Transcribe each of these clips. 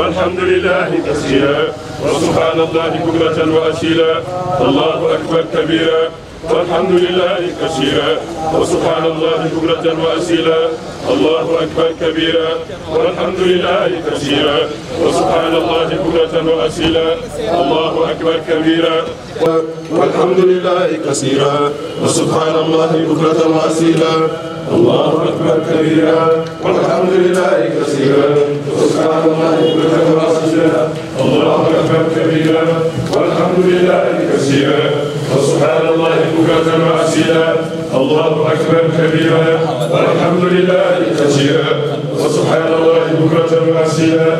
والحمد لله كثيرا وسبحان الله بكرة وأسيلا الله أكبر كبيرا والحمد لله كثيرا وسبحان الله بكرة وأسيلا الله أكبر كبيرا والحمد لله كثيرا وسبحان الله بكرة وأسيلا الله أكبر كبيرا والحمد لله كثيرا وسبحان الله بكرة وأسيلا الله أكبر كبيرا والحمد لله كثيرا وسبحان الله بكرة راسجا الله أكبر كبيرا والحمد لله كثيرا وسبحان الله بكرة وأسيلا الله أكبر كبيرا والحمد لله كثيرا وسبحان الله بكرة وأسيلا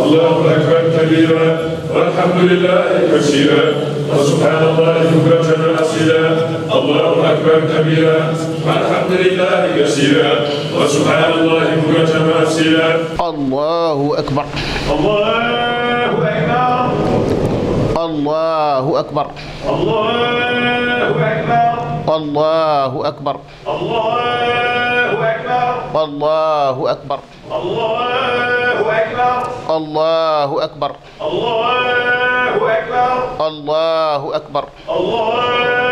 الله أكبر كبيرا والحمد لله كثيرا وسبحان الله بكرة حمدا الله أكبر كبيرا والحمد لله كثيرا وسبحان الله بكرة الله أكبر الله أكبر الله أكبر الله أكبر الله أكبر الله أكبر الله أكبر الله أكبر الله أكبر الله أكبر الله أكبر الله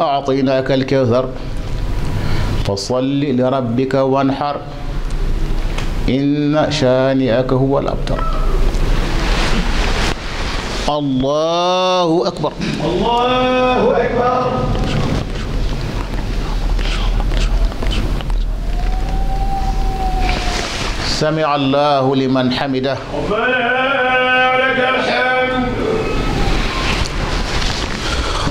أعطيناك الكوثر فصل لربك وانحر إن شانئك هو الأبتر الله أكبر الله أكبر سمع الله لمن حمده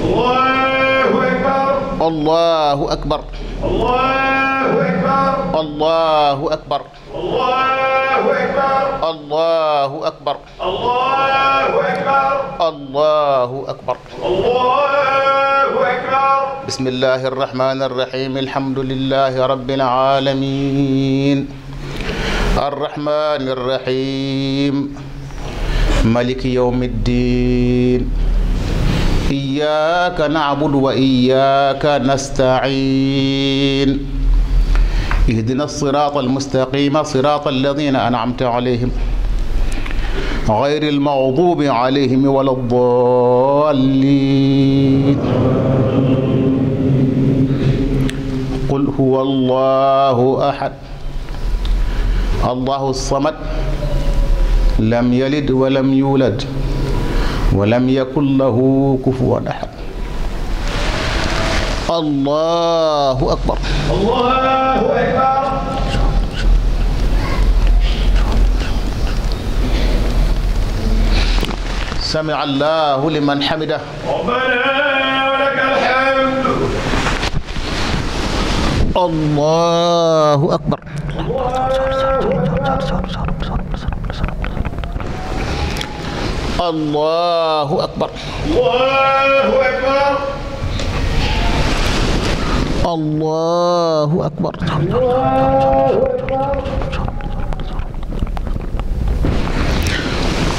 الله أكبر الله أكبر الله أكبر الله أكبر الله أكبر الله أكبر الله أكبر الله أكبر الله أكبر بسم الله الرحمن الرحيم الحمد لله رب العالمين الرحمن الرحيم ملك يوم الدين إياك نعبد وإياك نستعين اهدنا الصراط المستقيم صراط الذين أنعمت عليهم غير المغضوب عليهم ولا الضالين قل هو الله أحد الله الصمد لم يلد ولم يولد ولم يكن له كفوا أحد الله أكبر الله أكبر سمع الله لمن حمده ربنا ولك الحمد الله أكبر الله أكبر الله أكبر الله أكبر الله أكبر الله أكبر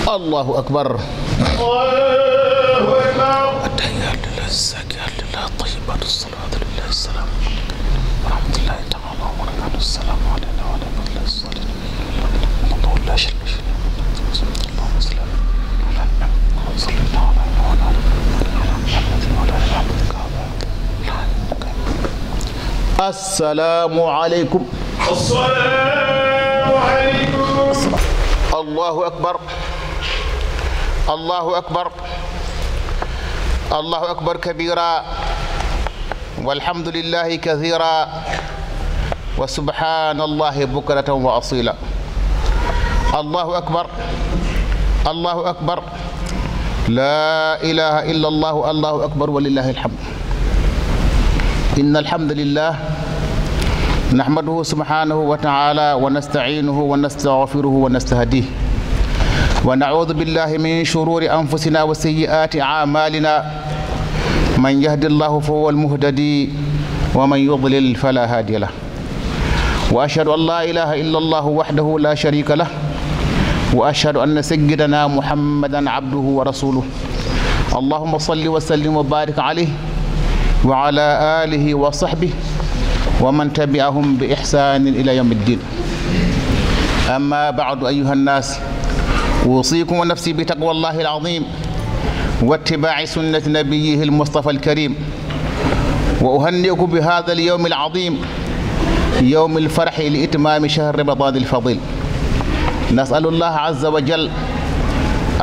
الله أكبر التحيات الله الزكاة الله طيبة الصلاة لله السلام ورحمة الله تعالى وبركاته السلام عليكم السلام عليكم السلام عليكم الله أكبر الله أكبر الله أكبر كبيرا والحمد لله كثيرا وسبحان الله بكرة وأصيلا الله أكبر الله أكبر لا إله إلا الله الله أكبر ولله الحمد إن الحمد لله نحمده سبحانه وتعالى ونستعينه ونستغفره ونستهديه ونعوذ بالله من شرور أنفسنا وسيئات أعمالنا من يهد الله فهو المهتدي ومن يضلل فلا هادي له وأشهد أن لا إله إلا الله وحده لا شريك له وأشهد أن سيدنا محمدا عبده ورسوله اللهم صل وسلم وبارك عليه وعلى آله وصحبه ومن تبعهم بإحسان إلى يوم الدين أما بعد أيها الناس أوصيكم ونفسي بتقوى الله العظيم واتباع سنة نبيه المصطفى الكريم وأهنئكم بهذا اليوم العظيم يوم الفرح لإتمام شهر رمضان الفضيل نسأل الله عز وجل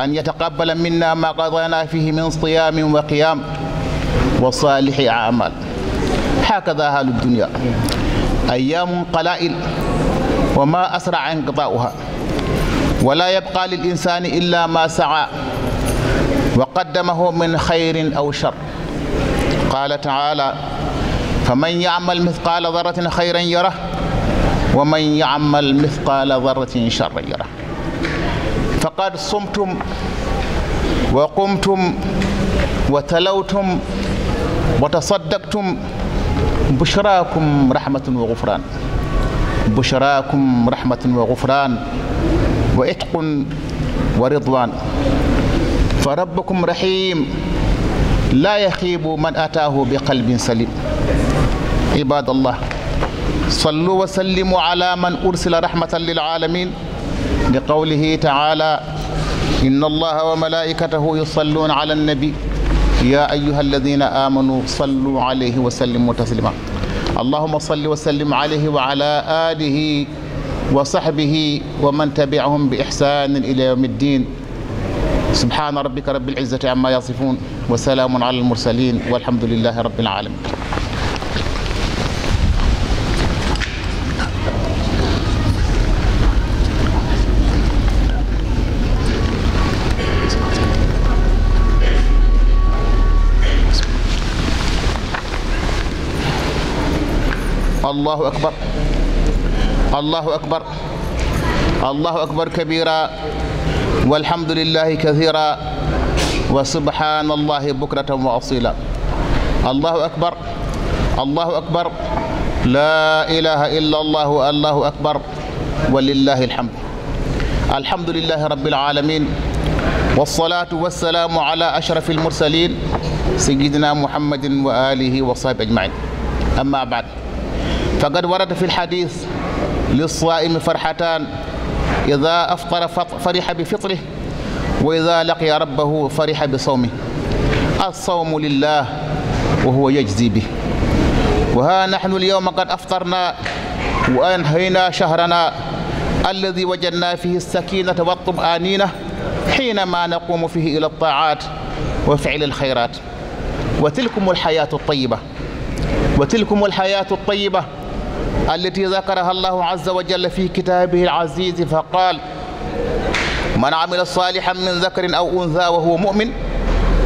أن يتقبل منا ما قضينا فيه من صيام وقيام وصالح أعمال هكذا أهل الدنيا أيام قلائل وما أسرع انقضاؤها ولا يبقى للإنسان إلا ما سعى وقدمه من خير أو شر قال تعالى فمن يعمل مثقال ذرة خيرا يره ومن يعمل مثقال ذرة شرا يره فقد صمتم وقمتم وتلوتم وتصدقتم بشراكم رحمة وغفران بشراكم رحمة وغفران وإتق ورضوان فربكم رحيم لا يخيب من أتاه بقلب سليم عباد الله صلوا وسلموا على من أرسل رحمة للعالمين لقوله تعالى إن الله وملائكته يصلون على النبي يا أيها الذين آمنوا صلوا عليه وسلموا تسليما اللهم صل وسلم عليه وعلى آله وصحبه ومن تبعهم بإحسان إلى يوم الدين سبحان ربك رب العزة عما يصفون وسلام على المرسلين والحمد لله رب العالمين الله أكبر الله أكبر الله أكبر كبيرا والحمد لله كثيرا وسبحان الله بكرة وأصيلا الله أكبر الله أكبر لا إله إلا الله الله أكبر ولله الحمد الحمد لله رب العالمين والصلاة والسلام على أشرف المرسلين سيدنا محمد وآله وصحبه أجمعين أما بعد فقد ورد في الحديث للصائم فرحتان إذا أفطر فرح بفطره وإذا لقي ربه فرح بصومه الصوم لله وهو يجزي به وها نحن اليوم قد أفطرنا وأنهينا شهرنا الذي وجدنا فيه السكينة والطمأنينة حينما نقوم فيه إلى الطاعات وفعل الخيرات وتلكم الحياة الطيبة وتلكم الحياة الطيبة التي ذكرها الله عز وجل في كتابه العزيز فقال من عمل صالحا من ذكر أو أنثى وهو مؤمن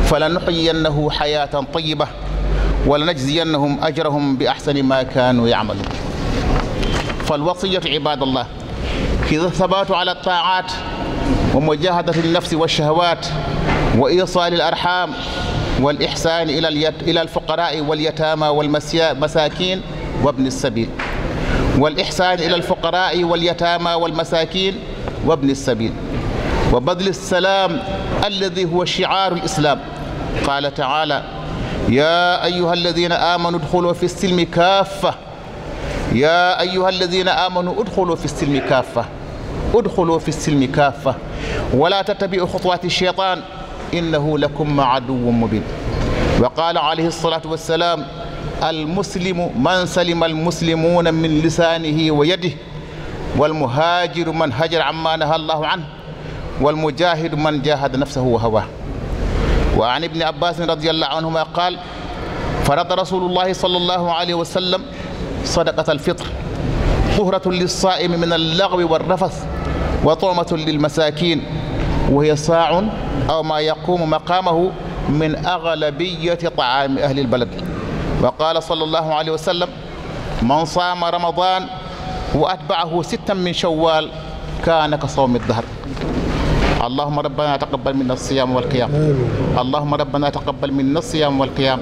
فلنحيينه حياة طيبة ولنجزينهم أجرهم بأحسن ما كانوا يعملون فالوصية عباد الله إذا الثبات على الطاعات ومجاهدة النفس والشهوات وإيصال الأرحام والإحسان إلى الفقراء واليتامى والمساكين وابن السبيل والإحسان إلى الفقراء واليتامى والمساكين وابن السبيل وبذل السلام الذي هو شعار الإسلام قال تعالى يا أيها الذين آمنوا ادخلوا في السلم كافة يا أيها الذين آمنوا ادخلوا في السلم كافة ادخلوا في السلم كافة ولا تتبعوا خطوات الشيطان إنه لكم عدو مبين وقال عليه الصلاة والسلام المسلم من سلم المسلمون من لسانه ويده والمهاجر من هجر عما نهى الله عنه والمجاهد من جاهد نفسه وهواه وعن ابن عباس رضي الله عنهما قال فرض رسول الله صلى الله عليه وسلم صدقة الفطر طهرة للصائم من اللغو والرفث وطعمة للمساكين وهي صاع أو ما يقوم مقامه من أغلبية طعام أهل البلد وقال صلى الله عليه وسلم من صام رمضان وأتبعه ستا من شوال كان كصوم الدهر اللهم ربنا تقبل منا الصيام والقيام اللهم ربنا تقبل منا الصيام والقيام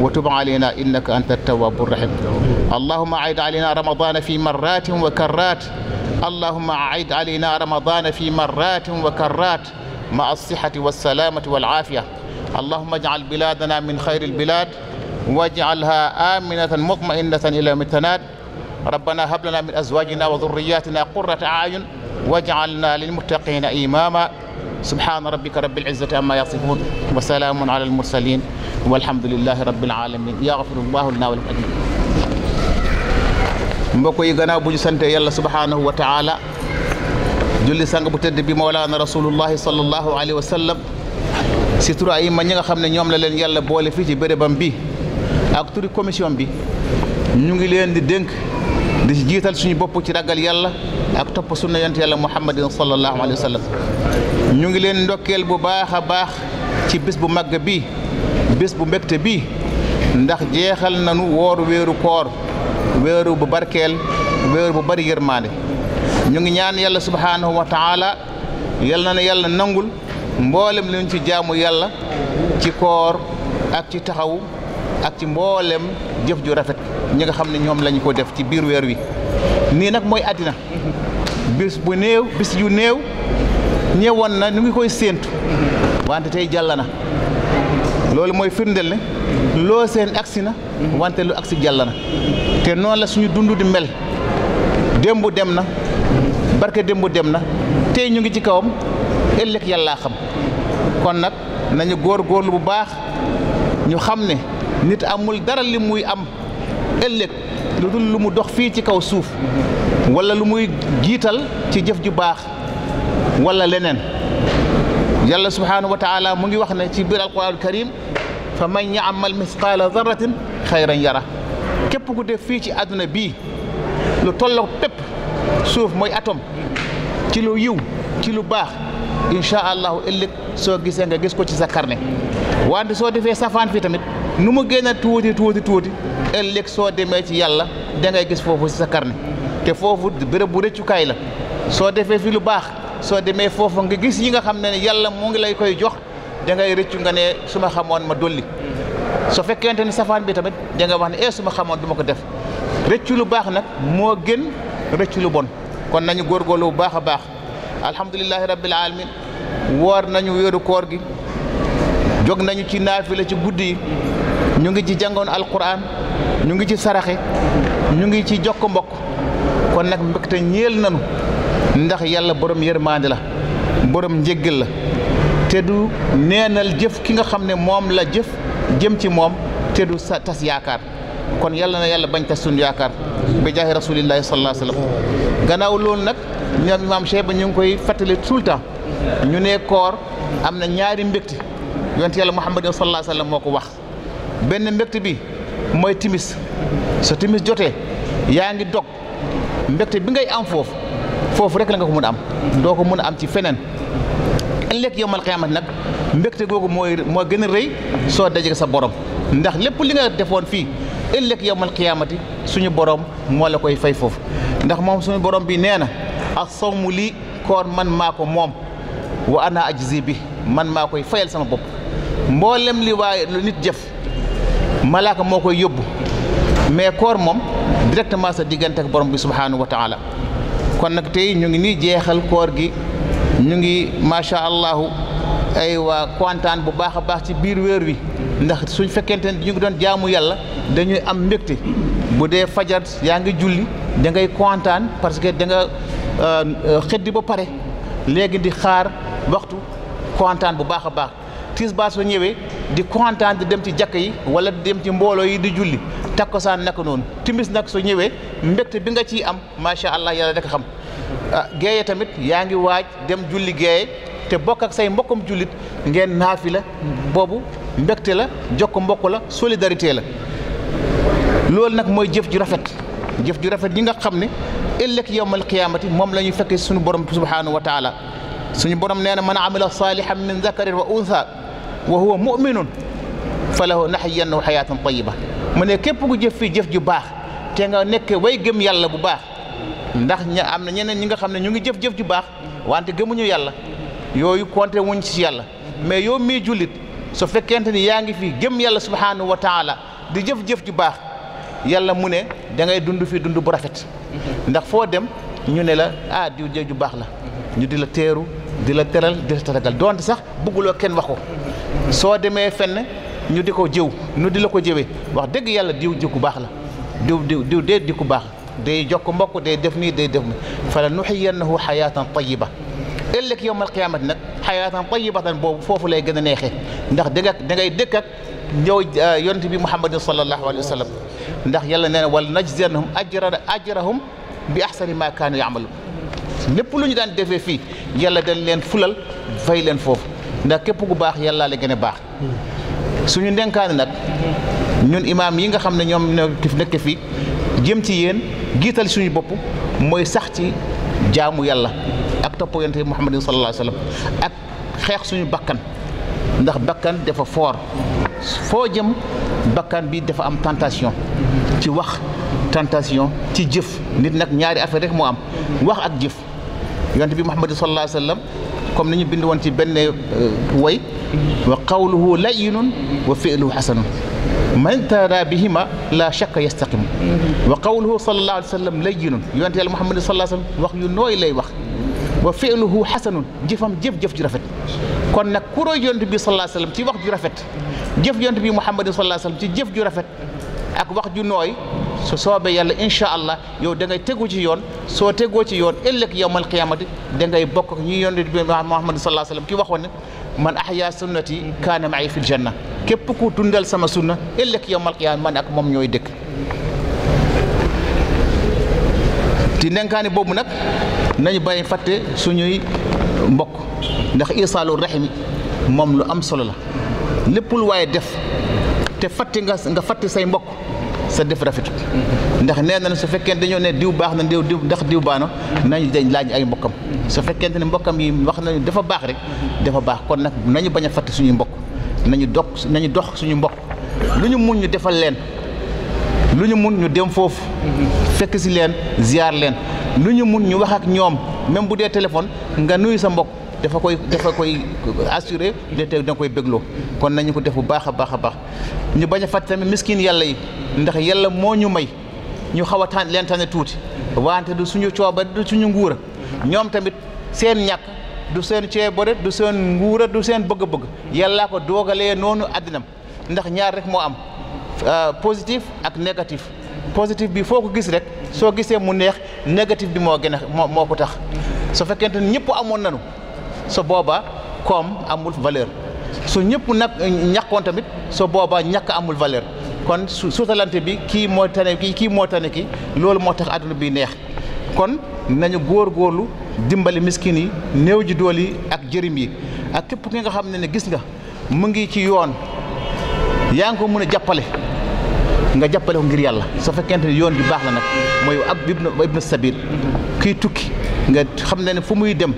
وتب علينا إنك أنت التواب الرحيم اللهم أعد علينا رمضان في مرات وكرات اللهم أعد علينا رمضان في مرات وكرات مع الصحة والسلامة والعافية اللهم اجعل بلادنا من خير البلاد واجعلها آمنة مطمئنة إلى متناد ربنا هب لنا من أزواجنا وذرياتنا قرة أعين واجعلنا للمتقين إماما سبحان ربك رب العزة أما يصفون وسلام على المرسلين والحمد لله رب العالمين يغفر الله لنا والقديم مبكو يغنى بوجي سنت يلا سبحانه وتعالى جولي سانغ بوتد بي مولانا رسول الله صلى الله عليه وسلم سيترو ايما نيغا خامني نيوم لا لين يالا بولي في جي بيربام بي ak turi commission bi ñu ngi leen di dénk di ci jiital suñu bopp ci ragal yàlla ak topp sunna yonent yàlla muhammadin sallallahu alayhi wa sallam ñu ngi leen ndokkeel bu baax a baax ci bés bu màgg bi bés bu mbégte bii ndax jeexal nanu woor weeru koor wéeru bu barkeel wéeru bu bari yërmaande ñu ngi ñaan yàlla subhaanahu wa taala yal na yàlla nangul mboolem li ci jaamu yàlla ci koor ak ci taxaw ak ci mboolem jëf ju rafet ñi nga xam ne ñoom lañu ko def ci biir weer wi nii nag mooy àddina bis bu néew bis yu néew ñëwoon na ñu ngi koy séentu wante tey jàll na loolu mooy firndeel ne loo séen agsi na wante lu agsi jàll na te noonu la suñu dund di mel démb dem na barke démb dem na tey ñu ngi ci kawam ëllëg yàllaa xam kon nag nañu góor góorlu bu baax ñu xam ne nit amul dara li muy am ëllëg lu dul lu mu dox fii ci kaw suuf wala lu muy jiital ci jëf ju baax wala leneen yàlla subhaanahu wa taala mu ngi wax ne ci biir alquran karim fa man yaamal misqaala darratin xayran yara képp ku def fii ci àdduna bii lu tollook pépp suuf mooy atom ci lu yiw ci lu baax incha allahu ëllëg soo gisee nga gis ko ci sa carnet wante soo defee safaan fii tamit nu mu génn a tuuti tuuti tuuti ëllëg soo demee ci yàlla dangay gis foofu si sa carnet te foofu bërëb bu rëccukaay la soo defee fi lu baax soo demee foofu nga gis yi nga xam ne yàlla mu ngi lay koy jox da ngay rëccu nga ne su ma xamoon ma dolli soo fekkente ne safaan bi tamit dangay wax ne eh su xamoon du ko def rëccu lu baax nag moo gën rëccu lu bon kon nañu góorgóorlu bu baax a baax alhamdulilahi rabbil alamin woor nañu wéeru koor gi jog nañu ci naafila ci guddi ñu ngi ci jàngoon alquran ñu ngi ci saraxe ñu ngi ci jokk mbokk kon nag mbégte ñeel nanu ndax yàlla borom yërmaande la borom njéggal la te du neenal jëf ki nga xam ne moom la jëf jëm ci moom te du sa tas yaakaar kon yàlla na yàlla bañ tas suñu yaakaar bi jaahi rasulillahi sallallahu alayhi gannaaw loolu nag ñoom imaam Cheikh ba ñu ngi koy fàttali tout ñu ne koor am na ñaari mbégte yonent yàlla Muhammad sallallahu alayhi wasallam moo ko wax benn mbégte bi mooy timis sa timis jotee yaa ngi dog mbégte bi ngay am foofu foofu rekk la nga ko mun am doo ko mën a am ci feneen ëllëg yowmal qiyaamati nag mbégte googu mooy moo gën a rëy soo dajee sa borom ndax lépp li nga defoon fii ëllëg yowmal qiyaamati suñu borom moo la koy fay foofu ndax moom suñu borom bi nee na ak sawmu lii koor man maa ko moom wa ana ajzi bi man maa koy fayal sama bopp mboolem li waaye nit jëf malaaka moo koy yóbbu mais koor moom directement sa diggante ak borom bi subhaanahu wa taala kon nag tey ñu ngi nii jeexal koor gi ñu ngi macha allahu ay waa kontaan bu baax a baax ci biir weer wi ndax suñ fekkente ne ñu ngi doon jaamu yàlla dañuy am mbégte bu dee fajar yaa ngi julli da ngay kontaan parce que danga nga euh, xëddi ba pare léegi di xaar waxtu kontaan bu baax a baax tisbaar soo ñëwee di kontaan di dem ci jàkk yi wala di dem ci mbooloo yi di julli takkusaan naka noonu timis nag soo ñëwee mbégte bi nga ciy am macha allah yàlla rek xam ah tamit yaa ngi waaj dem julli géeye te bokk ak say mbokkum jullit ngeen naafi la boobu mbégte la jokk mbokk la solidarité la loolu nag mooy jëf ju rafet jëf ju rafet ñi nga xam ne ëllëg yowmal qiyaamati moom la ñuy fekkee suñu borom subhaanahu wa suñu borom nee man amila wa huwa yenn falahu nahyiyannahu hayatan ba mu ne képp ku jëf fi jëf ju baax te nga nekk way gëm yàlla bu baax ndax ña am na ñeneen ñi nga xam ne ñu ngi jëf jëf ju baax wante gëmuñu yàlla yooyu konte wuñ ci yàlla mais yow mii jullit su fekkente ni yaa ngi fi gëm yàlla subhaanahu wa taala di jëf jëf ju baax yàlla mu ne da ngay dund fii dund bu rafet ndax foo dem ñu ne la ah diw jëf ju baax la ñu di la teeru di la teral di la taragal sax bëgguloo kenn wax so demé fenn ñu diko jëw ñu di la ko jëwee wax dëgg yàlla diw ji ku baax la diw diw diw dee di ku baax day jokk mbokk day def ni day def nii fala nuhiyannahu hayatan tayyiba ëllëg yowm alqiyamat nak hayatan tayyibatan boobu fofu lay gëna nexé ndax dëgg ak da ngay dëkk ak ñoo yonent bi muhammad sallallahu alaihi wasallam ndax yàlla neena wal najzanhum ajra ajrahum bi ahsani ma kanu yaamaluun lépp luñu daan defé fi yàlla dañ leen fulal fay leen fofu ndax kep ku bax yàlla la gëna bax suñu ndenkaani nak ñun imam yi nga xamne ñom ñoom ñoo nekk fi jëm ci yéen gital suñu bop moy sax ci jaamu yàlla ak topp yonent muhammad sallallahu alaihi wasallam ak xex suñu bakkan ndax bakkan dafa for fo jëm bakkan bi dafa am tentation ci wax tentation ci jëf nit nak ñaari affaire rek mo am wax ak jëf yonent bi muhammad sallallahu alaihi wasallam كم نيجي بند وانت بند وعي وقوله لين وفعله حسن من ترى بهما لا شك يستقيم وقوله صلى الله عليه وسلم لين يوانت يا محمد صلى الله عليه وسلم وقي نوي لي وقت وفعله حسن جفم جف جف جرفت كون نك كرو يونت بي صلى الله عليه وسلم تي وقت جرفت جف يونت بي محمد صلى الله عليه وسلم تي جف جرفت اك وقت جو نوي soo soobee yàlla incha allah yow da ngay tegu ci yoon soo tegoo ci yoon ëllëg yowmal qiyaamati da ngay bokk ak yoon yonent bi Muhammad sallallahu alayhi wasallam ki waxoon ne man ahya sunnati kaana ma'i fil janna képp ku dundal sama sunna ëllëg yowmal qiyaama man moom ñooy dëkk ti ndenkaane boobu nag nañu bàyyi fàtte suñuy mbokk ndax isaalu rahimi moom lu am solo la lépp lu waaye def te fatte nga nga fàtte say mbokk sa def rafetul ndax nee na su fekkee fekkente dañoo ne diw baax na diw diw ndax diw baax na nañu dañ laaj ay mbokkam su fekkente ne mbokkam yi wax nañu dafa baax rek dafa baax kon nag nañu bañ a fàtte suñuy mbokk nañu dox nañu dox suñu mbokk lu ñu mun ñu defal leen lu ñu mun ñu dem foofu fekk si leen ziar leen lu ñu mun ñu wax ak ñoom même bu dee téléphone nga nuyu sa mbokk dafa koy dafa koy assuré de te da koy bégloo kon nañu ko def bu baax a baax a baax ñu bañ a fàtte tamit miskin yàlla yi ndax yàlla moo ñu may ñu xaw a taan leen tane tuuti wante du suñu cooba du suñu nguura ñoom tamit seen ñàkk du seen ceebore du seen nguura du seen bëgg-bëgg yàllaa ko doogalee noonu àddinam ndax ñaar rek moo am euh, positif ak négatif positif bi foo ko gis rek soo gisee mu neex négatif bi moo gën a moo moo ko tax su fekkente ne ñëpp amoon nañu su boobaa koom amul valeur su ñëpp nag ñàkkoon tamit su boobaa ñàkk amul valeur kon su suutalante bi kii moo tane kii kii moo tane kii loolu moo tax àdduna bi neex kon nañu góorlu dimbali miskin yi néew ji dool yi ak jërim yi ak képp ki nga xam ne ne gis nga mu ngi ci yoon yaa ngi ko mën a jàppale nga jàppale ko ngir yàlla su fekkente ne yoon bi baax la nag mooy ab ibnu ibnu sabil kiy tukki nga xam ne ne fu muy dem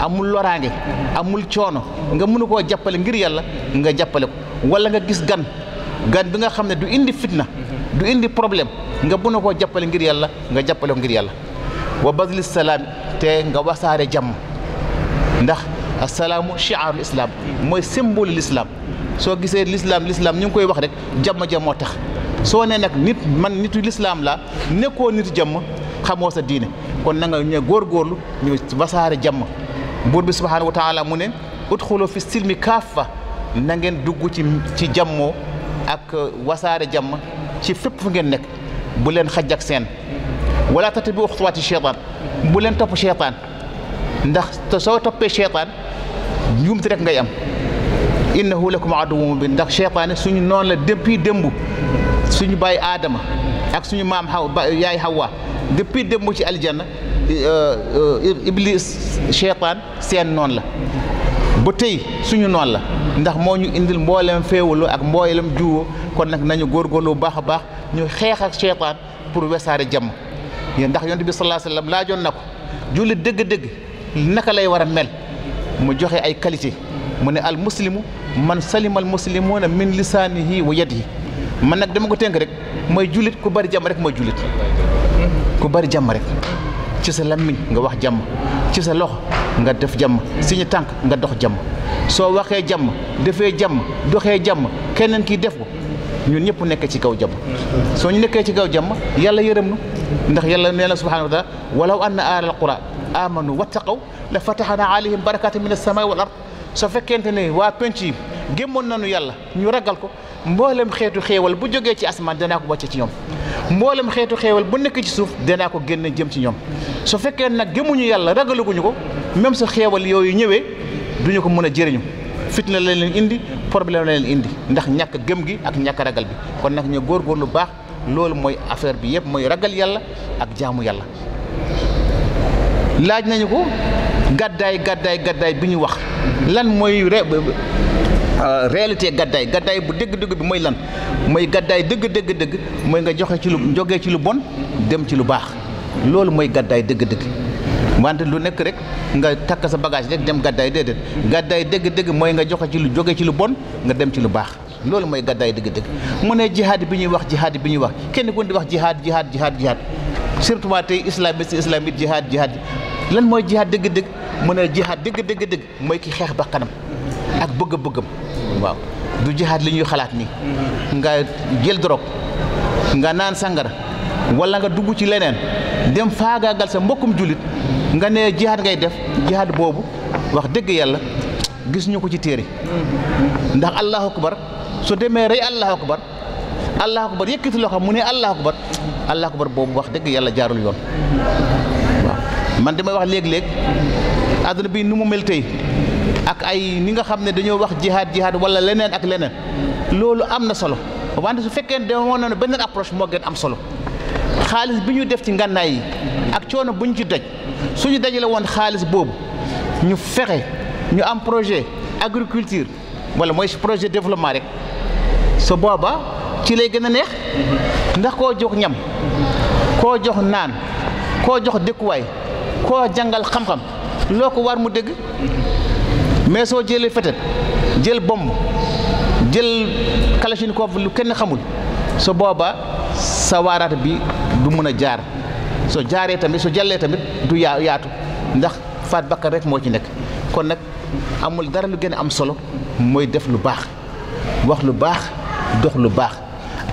amul loraange amul coono nga mënu koo jàppale ngir yàlla nga jàppale ko wala nga gis gan gan bi nga xam ne du indi fitna du indi problème nga mën a koo jàppale ngir yàlla nga jàppale ko ngir yàlla wa basli salaam te nga wasaare jàmm ndax asalaamu chiaarul islam mooy symbole l'islam soo gisee lislaam l'islam ñu ngi koy wax rek jàmm jàmmoo tax soo nee nag nit man nitu l'islam laa nekkoo nitu jàmm xamoo sa diine kon nanga nga ñu góorgóorlu ñu wasaare jàmm buur bi subhaanahu wa taala mu ne udxulu fi silmi kaafa na ngeen dugg ci ci jàmmoo ak wasaare jàmm ci fépp fu ngeen nekk bu leen xaj ak seen wala tattabi'u xutuwaati cheytaan bu leen topp cheytaan ndax te soo toppee cheytaan njuumte rek ngay am innahu lakum aduwwun mubiin ndax cheytaane suñu noonu la depuis démb suñu bàyyi aadama ak suñu maam xaw yaay xawwa depuis démb ci aljanna Euh, euh, iblis cheytaan seen noon la bu tey suñu noonu la ndax moo ñu indil mbooleem féewalu ak mbooleem juwo kon nag nañu góor bu baax a baax ñu xeexal ak pour wesaare jàmm ndax yonent bi sallallahu alayhi wasallam laajoon na ko jullit dëgg naka lay war a mel mu joxe ay qualité mu ne al muslimu man salima al muslimuna min lisaanihi wa yadihi man nag dama ko tenk rek mooy jullit ku bari jàmm rek mooy jullit ku bari jàmm rek ci sa lammiñ nga wax jàmm ci sa loxo nga def jàmm si ñu tànk nga dox jàmm soo waxee jàmm defee jàmm doxee jàmm keneen kii def ko ñun ñëpp nekk ci kaw jàmm soo ñu nekkee ci kaw jàmm yàlla yërëm nu ndax yàlla nee na subhanahu wa taala walaw anna ahlal qura amanu wattaqaw la fataxna alayhim barakatin min as-samaa'i wal ard soo fekkente ne waa penc yi gémmoon nañu yàlla ñu ragal ko mboolem xeetu xéewal bu jógee ci asamaan danaa ko wàcce ci ñoom mboolem xeetu xéewal bu nekk ci suuf danaa ko génn jëm ci ñoom su fekkee nag gémmuñu yàlla ragaluguñu ko même sa xeewal yooyu ñëwee duñu ko mën a jëriñu fitna la leen indi problème la leen indi ndax ñàkk gëm gi ak ñàkk ragal bi kon nag ñu góorgóor lu baax loolu mooy affaire bi yëpp mooy ragal yàlla ak jaamu yàlla laaj nañu ko gàddaay gàddaay gàddaay bi ñu wax lan Euh, réalité gàddaay gàddaay bu dëgg-dëgg bi mooy lan mooy gàddaay dëgg-dëgg-dëgg mooy nga joxe ci lu jógee ci lu bon dem ci lu baax loolu mooy gàddaay dëgg-dëgg wante lu nekk rek nga takk sa bagage rek dem gàddaay déedéet gàddaay dëgg-dëgg mooy nga joxe ci lu ci lu bon nga dem ci lu baax loolu mooy gàddaay dëgg-dëgg mu ne jihaad bi ñuy wax jihaad bi ñuy wax kenn ku di wax jihaad jihaad jihaad jihaad surtout ma tey islamiste islamite jihaad jihaad lan mooy jihaad dëgg-dëgg mu ne jihaad dëgg dëgg mooy ki xeex ba kanam ak bëgg-bëggam waaw du jihaad li ñuy xalaat ni nga jël drogue nga naan sàngara walla nga dugg ci leneen dem faagaagal sa mbokkum jullit nga ne jihaad ngay def jihaad boobu wax dëgg yàlla gis ñu ko ci téere ndax allahu akbar su demee rey allahu akbar allahu akbar yëkkati loxo mu ne allahu akbar allahu akbar boobu wax dëgg yàlla jaarul yoon waaw man damay wax léeg-léeg àdduna bi nu mu mel tey ak ay ni nga xam ne dañoo wax jihaad jihaad wala leneen ak leneen loolu am na solo wante su fekkee ne demoon na beneen approche moo gën am solo xaalis bi ñu def ci ngànnaay yi ak coono bu ñu ci daj suñu dajale woon xaalis boobu ñu fexe ñu am projet agriculture wala mooy projet développement rek sa booba ci lay gën a neex ndax koo jox ñam koo jox naan koo jox dëkkuwaay koo jàngal xam-xam loo ko war mu dégg mais soo jëlee fetet jël bomb jël kalachnikov lu kenn xamul su booba sa waaraat bi du mën a jaar soo jaaree tamit soo jàllee tamit du yaa yaatu ndax faat bakkan rek moo ci nekk kon nag amul dara lu gën a am solo mooy def lu baax wax lu baax dox lu baax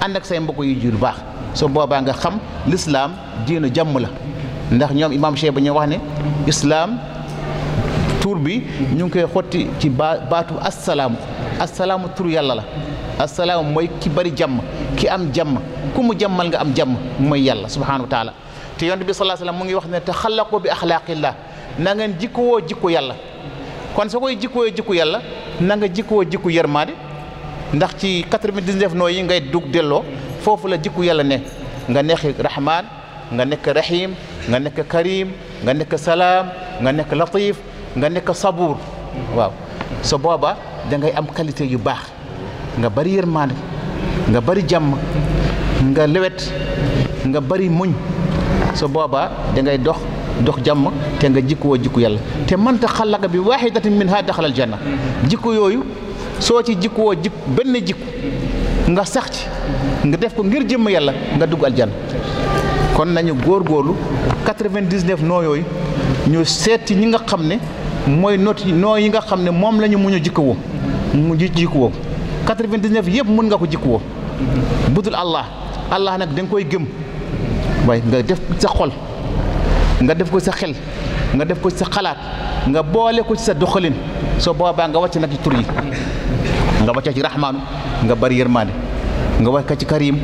ànd ak say mbokk yi ji lu baax soo boobaa nga xam lislaam diinu jàmm la ndax ñoom imaam Cheikh ba ñoo wax ne islaam tur bi ñu ngi koy xotti ci baa baatu assalaamu assalaamu tur yàlla la assalaamu mooy ki bari jàmm ki am jàmm ku mu jàmmal nga am jàmm mooy yàlla subhaanahu wa taala te yonent bi sallallahu alayhi mu ngi wax ne te xalaqoo bi axlaaqillah na ngeen jikkoo jikko yàlla kon soo koy jikkowoo jikko yàlla na nga jikkowoo jikko yërmaade ndax ci 99 noo yi ngay dugg delloo foofu la jikko yàlla ne nga nekk rahmaan nga nekk rahim nga nekk karim nga nekk salaam nga nekk latif nga nekk sabuur waaw sa booba da ngay am qualité yu baax nga bari yërmande nga bari jàmm nga lewet nga bari muñ sa boobaa dangay dox dox jàmm te nga woo jikku yàlla te mënta xalaqa bi data min ha daxalal janna jikku yooyu soo ci jikkuwoo jik benn jikku nga sax ci nga def ko ngir jëmm yàlla nga dugg aljanna kon nañu góorgóorlu 99 noo yooyu ñu seet ci ñi nga xam ne mooy noot yi noo yi nga xam ne moom la ñu mun a jikkawoo mu ji jikkawoo 99 yëpp mun nga ko bu budul allah allah nag da koy gëm waaye nga def sa xol nga def ko sa xel nga def ko sa xalaat nga boole ko ci sa doxalin soo boobaa nga wàcc nag ci tur yi nga wàcce ci rahmaanu nga bari yërmaande nga wàcce ci karim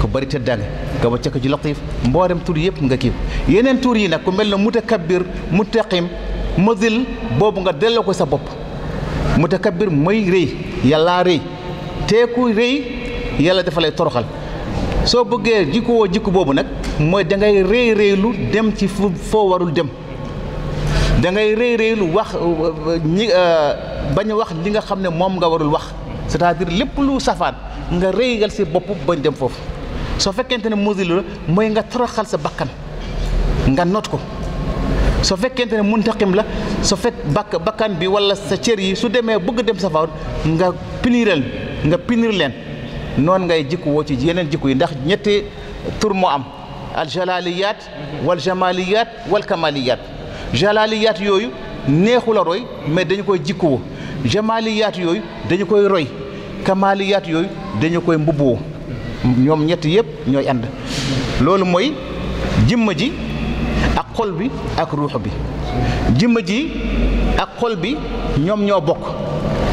ko bari teddaange nga wàcce ko ci latif mboolem tur yëpp nga kii yeneen tur yi nag ku mel na ne mutakabbir mutaqim masil boobu nga delloo ko sa bopp mutakabbir mooy rëy yàllaa rëy teeku rëy yàlla dafa lay toroxal soo bëggee jikko woo jikko boobu nag mooy da ngay rëy rëylu dem ci fu foo warul dem da ngay rëy rëylu wax ñi euh, bañ wax li nga xam ne moom nga warul wax c'est-à-dire lépp lu safaan nga rëyal si bopp bañ dem foofu soo fekkente ne masil la mooy nga toroxal sa bakkan nga noot ko su fekkente ne muntaqim la su fekk bakk bakkan bi wala sa cër yi su demee bëgg dem safar nga piniral nga pinir leen noonu ngay jikkuwoo ci yeneen jikku yi ndax ñetti tur moo am aljalaliyaat wal jamaliyaat wal kamaliyaat jalaliyaat yooyu neexul a roy mais dañu koy jikkuwoo jamaliyaat yooyu dañu koy roy kamaliyaat yooyu dañu koy mbubboo ñoom ñett yëpp ñooy ànd loolu mooy jimma ji ak xol bi ak ruux bi jëmm ji ak xol bi ñoom ñoo bokk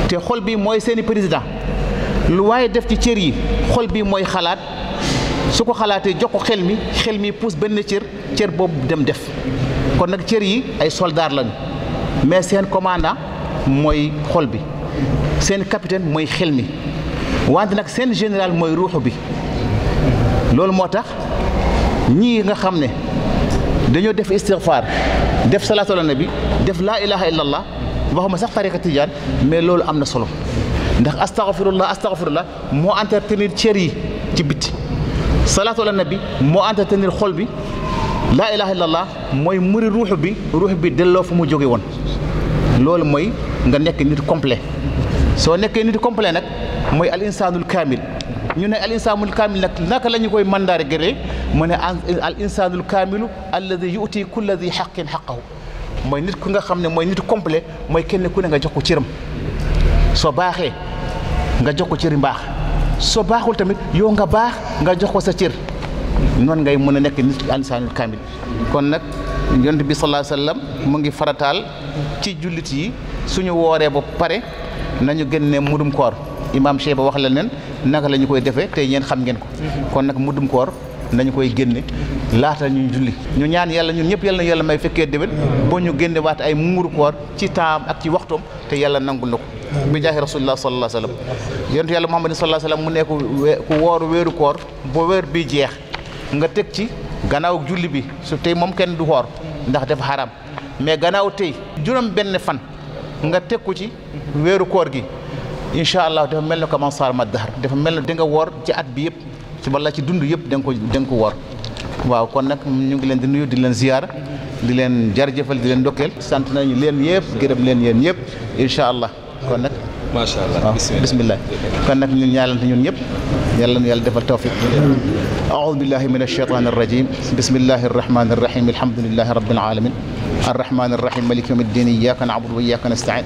te xol bi mooy seeni président lu waaye def ci cër yi xol bi mooy xalaat su ko xalaatee jox ko xel mi xel mi puus benn cër cër boobu dem def kon nag cër yi ay soldaar lañu mais seen commandant mooy xol bi seen capitaine mooy xel mi wante nag seen général mooy ruux bi loolu moo tax ñii nga xam ne دانيو ديف استغفار ديف صلاه النبي ديف لا اله الا الله اللهم صح طريقه تجار مي لول امنا صلو ندخ استغفر الله استغفر الله مو انترتينير تشيري تي بيتي صلاه النبي مو انترتينير خولبي لا اله الا الله موي موري روحو بي روح بي ديلو فمو جوغي وون لول موي nga nek nit complet so nek nit complet nak moy al insanul kamil ñu ne al insaanul kaamil nag naka la ñu koy mandargale mu ne al insaanul kaamilu alladi yuti kulla di xaqin xaqahu mooy nit ku nga xam ne mooy nit complet mooy kenn ku ne nga jox ko cëram soo baaxee nga jox ko cëri mbaax soo baaxul tamit yow nga baax nga jox ko sa cër noon ngay mën a nekk nit al insaanul kaamil kon nag yonent bi sallallahu alayhi wasallam mu ngi farataal ci jullit yi suñu wooree ba pare nañu génne mudum koor imaam Cheikh ba wax la leen naka la ñu koy defee tey ñeen xam ngeen ko kon nag muddum koor nañu koy génne laata ñu julli ñu ñaan yàlla ñun ñëpp yàlla na yàlla may fekkee déwén boo ñu génne waat ay muuru koor ci taam ak ci waxtoom te yàlla nangu na ko bi jaahi rasulillah sallallahu alayhi wa sallam yontu yàlla muhammad sallallahu alayhi wa sallam mu nekk ku wooru wéeru koor boo weer bi jeex nga teg ci gannaaw julli bi su tey moom kenn du xoor ndax def xaram mais gannaaw tey juróom benn fan nga teg ko ci weeru koor gi ان شاء الله دا ملني كما صار ما الدهر دا ملني ديغا وور تي ات بي ييب تي بالا تي دوندو ييب دنجو دنجو وور واو كون نك نيغي لين دي نويو دي لين زياره دي لين جارجيفال دي لين دوكيل سانت ناني لين ييب غيرم لين يين ييب ان شاء الله كون نك ما شاء الله بسم الله كون نك ني نيالانت نيون ييب يالا نيو ديفال توفيق اعوذ بالله من الشيطان الرجيم بسم الله الرحمن الرحيم الحمد لله رب العالمين الرحمن الرحيم مالك يوم الدين اياك نعبد واياك نستعين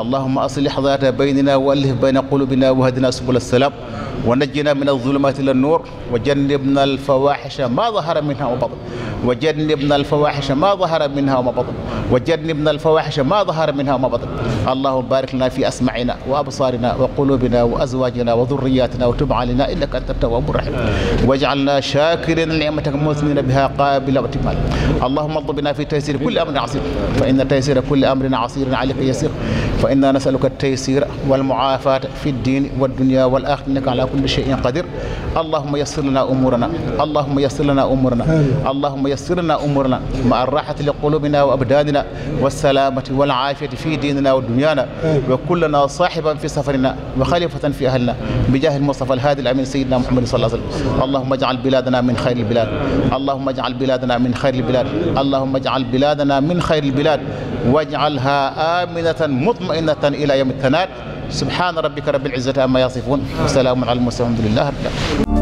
اللهم أصلح ذات بيننا وألف بين قلوبنا وهدنا سبل السلام ونجنا من الظلمات إلى النور وجنبنا الفواحش ما ظهر منها وما بطن وجنبنا الفواحش ما ظهر منها وما بطن وجنبنا الفواحش ما ظهر منها وما بطن اللهم بارك لنا في أسماعنا وأبصارنا وقلوبنا وأزواجنا وذرياتنا وتب علينا إنك أنت التواب الرحيم واجعلنا شاكرين نعمتك مثمنا بها قابل واكتمال اللهم اضبنا في تيسير كل أمر عسير فإن تيسير كل أمر عسير عليك يسير فإنا نسألك التيسير والمعافاة في الدين والدنيا والآخرة إنك على كل شيء قدير اللهم يسر لنا أمورنا اللهم يسر لنا أمورنا اللهم يسر لنا أمورنا مع الراحة لقلوبنا وأبداننا والسلامة والعافية في ديننا ودنيانا وكلنا صاحبا في سفرنا وخليفة في أهلنا بجاه المصطفى الهادي الأمين سيدنا محمد صلى الله عليه وسلم اللهم اجعل بلادنا من خير البلاد اللهم اجعل بلادنا من خير البلاد اللهم اجعل بلادنا من خير البلاد واجعلها آمنة مطمئنة مطمئنة إلى يوم التناد سبحان ربك رب العزة أما يصفون وسلام على المرسلين الحمد لله رب العالمين